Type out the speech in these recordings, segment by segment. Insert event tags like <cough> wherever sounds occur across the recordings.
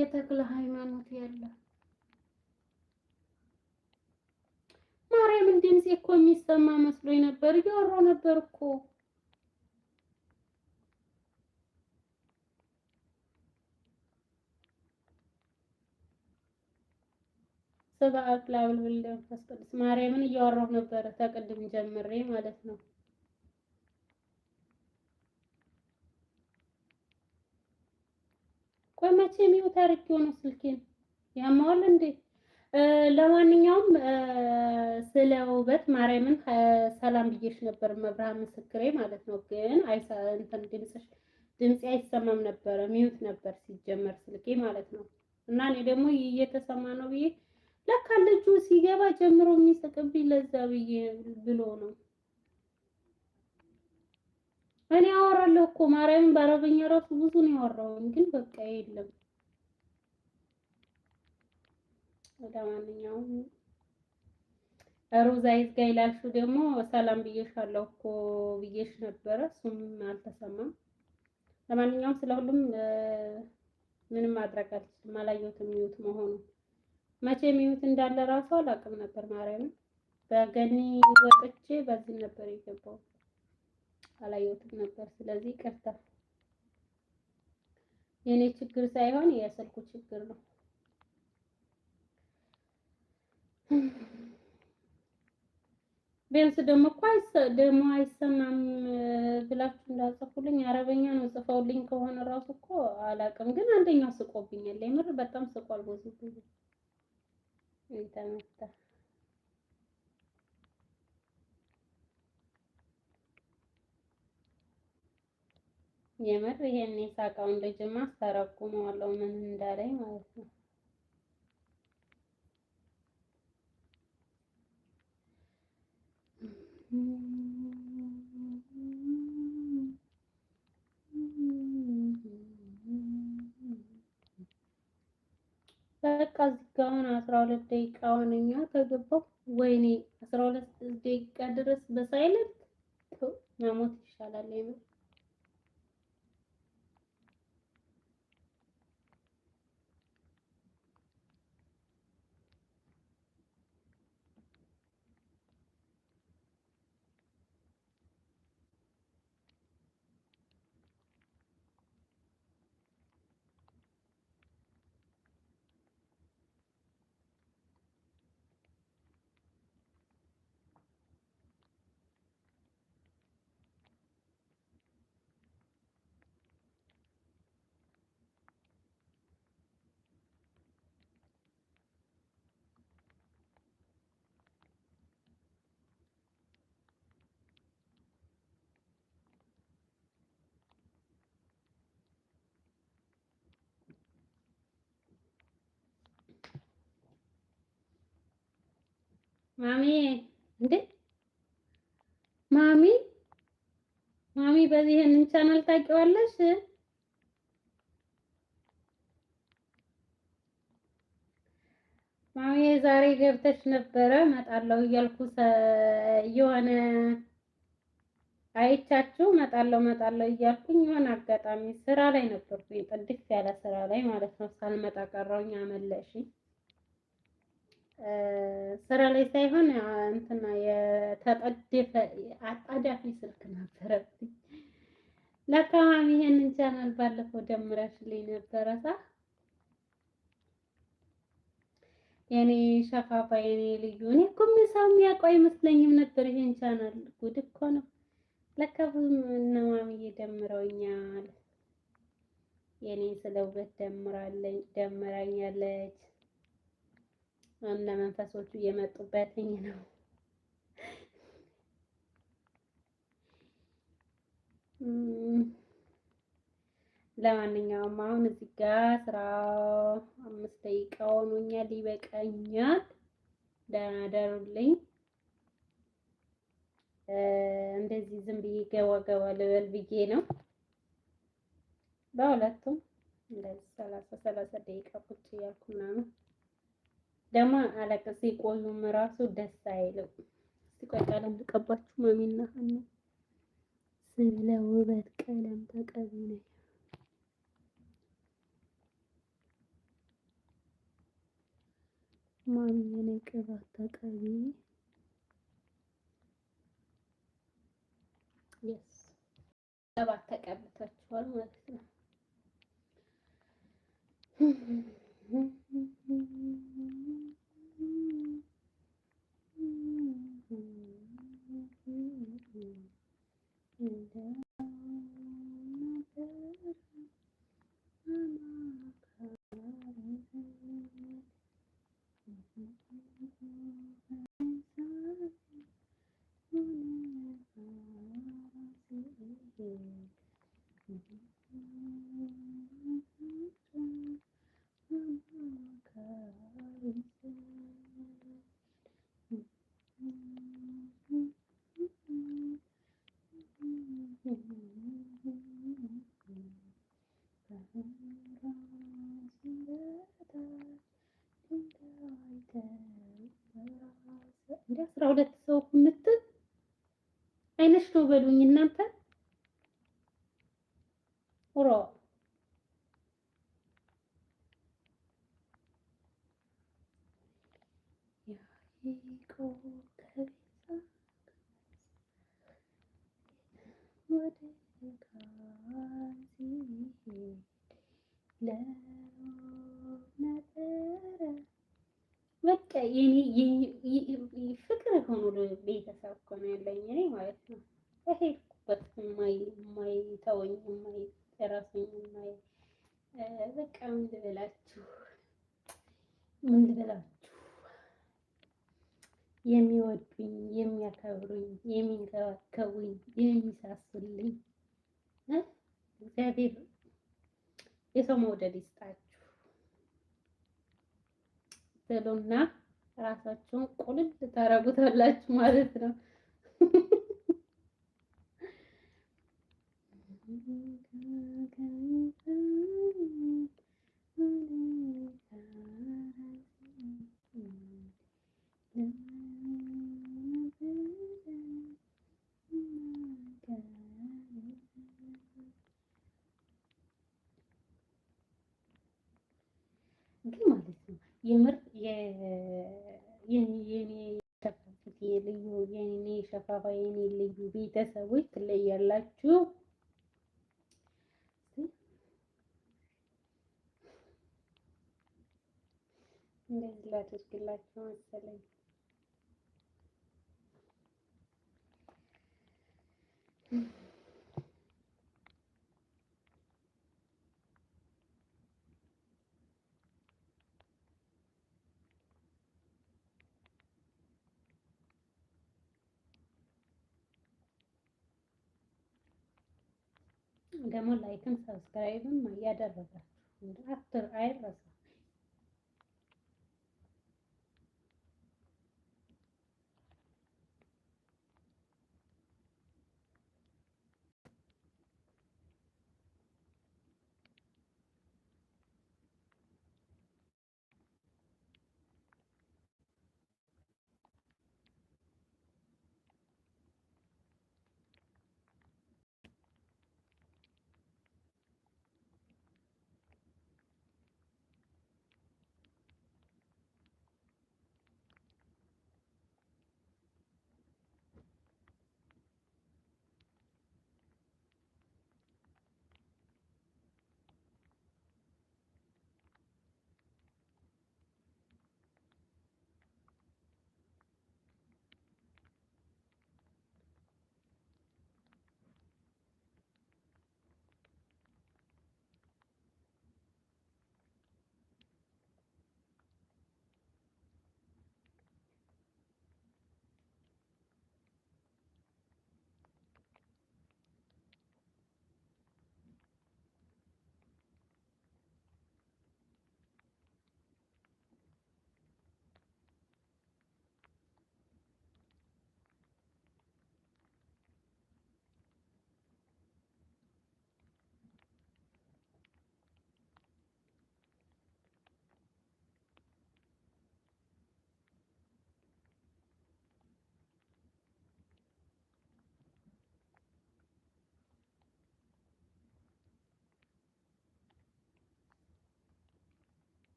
የተክለ ሃይማኖት ያለ ማርያምን ድምፅ እኮ የሚሰማ መስሎኝ ነበር። እያወራሁ ነበር እኮ ስብሐት ለአብ ወልወልድ ወመንፈስ ቅዱስ። ማርያምን እያወራሁ ነበረ ተቅድም ጀምሬ ማለት ነው። ቆይ መቼ የሚወት አድርጌው ነው ስልኬን ያማዋል እንዴ? ለማንኛውም ስለ ውበት ማርያምን ሰላም ብዬሽ ነበር፣ መብርሃን ምስክሬ ማለት ነው። ግን አይሳ እንትን ድምፅሽ ድምፄ አይሰማም ነበረ፣ ሚዩት ነበር ሲጀመር ስልኬ ማለት ነው። እና እኔ ደግሞ እየተሰማ ነው ብዬ ለካ ልጁ ሲገባ ጀምሮ የሚስቅብኝ ለዛ ብዬ ብሎ ነው እኔ አወራለሁ እኮ ማርያምን በአረበኛ ራሱ ብዙ ነው ያወራውን፣ ግን በቃ የለም። ወደ ማንኛውም ሩዛ ይዝጋ ደግሞ ሰላም ብዬሻለሁ እኮ ብዬሽ ነበረ፣ እሱም አልተሰማም። ለማንኛውም ስለሁሉም ምንም ማድረግ አልችልም። አላየሁትም ሚዩት መሆኑ መቼ ሚዩት እንዳለ ራሱ አላውቅም ነበር ማርያምን። በገኒ ወጥቼ በዚህ ነበር የገባው። አላየሁትም ነበር። ስለዚህ ይቅርታ። የኔ ችግር ሳይሆን የስልኩ ችግር ነው። ቢያንስ ደግሞ እኮ ደግሞ አይሰማም ብላችሁ እንዳጽፉልኝ አረበኛ ነው ጽፈውልኝ ከሆነ እራሱ እኮ አላውቅም፣ ግን አንደኛው ስቆብኛል። የምር በጣም ስቋል። ብዙ ጊዜ ተመታ የምር ይሄን የሳቀውን ልጅማ አስተረጉመዋለሁ ምን እንዳለኝ ማለት ነው። በቃ እዚህ አስራ ሁለት ደቂቃ ሆነኛ ከገባሁ። ወይኔ አስራ ሁለት ደቂቃ ድረስ በሳይለንት መሞት ይሻላል የምር ማሚ እንዴ ማሚ ማሚ በዚህ ይሄንን ቻናል ታውቂዋለሽ? ማሚ ዛሬ ገብተሽ ነበረ መጣለው እያልኩ የሆነ አይቻችሁ መጣለው መጣለው እያልኩኝ የሆነ አጋጣሚ ስራ ላይ ነበርኩኝ፣ ጥድፍ ያለ ስራ ላይ ማለት ነው። ሳልመጣ ቀረውኝ፣ አመለሽኝ። ስራ ላይ ሳይሆን እንትና የተጠደፈ አጣዳፊ ስልክ ነበረብኝ። ለአካባቢ ይሄንን ቻናል ባለፈው ደምረሽልኝ ነበረታ። የኔ ሸፋፋ የኔ ልዩ እኔ እኮ ሰው የሚያውቀው አይመስለኝም ነበር ይሄን ቻናል። ጉድ እኮ ነው ለካ ብዙም እነ ደምረውኛል። የኔ ስለ ውበት ደምራለኝ ደምራኛለች። እምነ መንፈሶቹ የመጡበትኝ ነው። ለማንኛውም አሁን እዚህ ጋር ስራ አምስት ደቂቃ ሆኖኛል፣ ይበቃኛል። ደህና ደሩልኝ። እንደዚህ ዝም ብዬ ገባ ገባ ልበል ብዬ ነው። በሁለቱም እንደዚህ ሰላሳ ሰላሳ ደቂቃ ቁጭ እያልኩ ምናምን ደግሞ አለቀ ሲቆዩም ራሱ ደስ አይልም። ሲቆይ ቀለም ተቀባችሁ ማሚና ሀኒ ስለ ውበት ቀለም ተቀቢ ነው። ማሚ የኔ ቅባት ተቀቢ የስ ቅባት ተቀብታችኋል ማለት ነው። 嗯，嗯，对。እንደ አስራ ሁለት ሰው የምትል አይነሽ ነው በሉኝ እናንተ ሮ ወደ በቃ ፍቅር ሆኖ ቤተሰብ እኮ ነው ያለኝ እኔ ማለት ነው። በሄድኩበት የማይተወኝ የማይጨረሰኝ የማይ በቃ ምን ልበላችሁ ምን ልበላችሁ የሚወዱኝ የሚያከብሩኝ የሚንከባከቡኝ የሚሳሱልኝ እግዚአብሔር የሰው መውደድ ይስጣል። ትሉና ራሳችሁን ቁልል ታረጉታላችሁ ማለት ነው። <laughs> የአበባዬን ልዩ ቤተሰቦች ትለያላችሁ። እንደዚህ ላድርግላችሁ መሰለኝ። ደግሞ ላይክን ሰብስክራይብም እያደረጋችሁ አይረሳ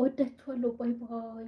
እወዳችኋለሁ። ባይ ባይ።